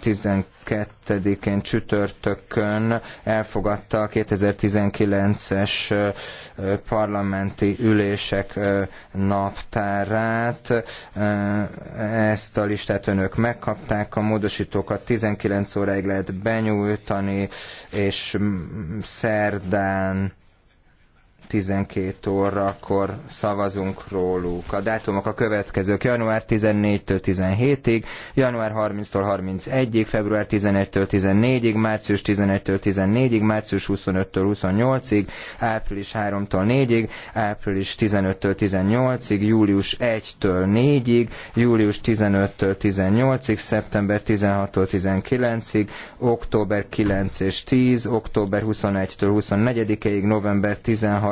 12-én csütörtökön elfogadta a 2019-es parlamenti ülések naptárát. Ezt a listát önök megkapták, a módosítókat 19 óráig lehet benyújtani, és szerdán 12 órakor szavazunk róluk. A dátumok a következők január 14-től 17-ig, január 30-tól 31-ig, február 11-től 14-ig, március 11-től 14-ig, március 25-től 28-ig, április 3 tól 4-ig, április 15-től 18-ig, július 1-től 4-ig, július 15-től 18-ig, szeptember 16-tól 19-ig, október 9 és 10, október 21-től 24-ig, november 16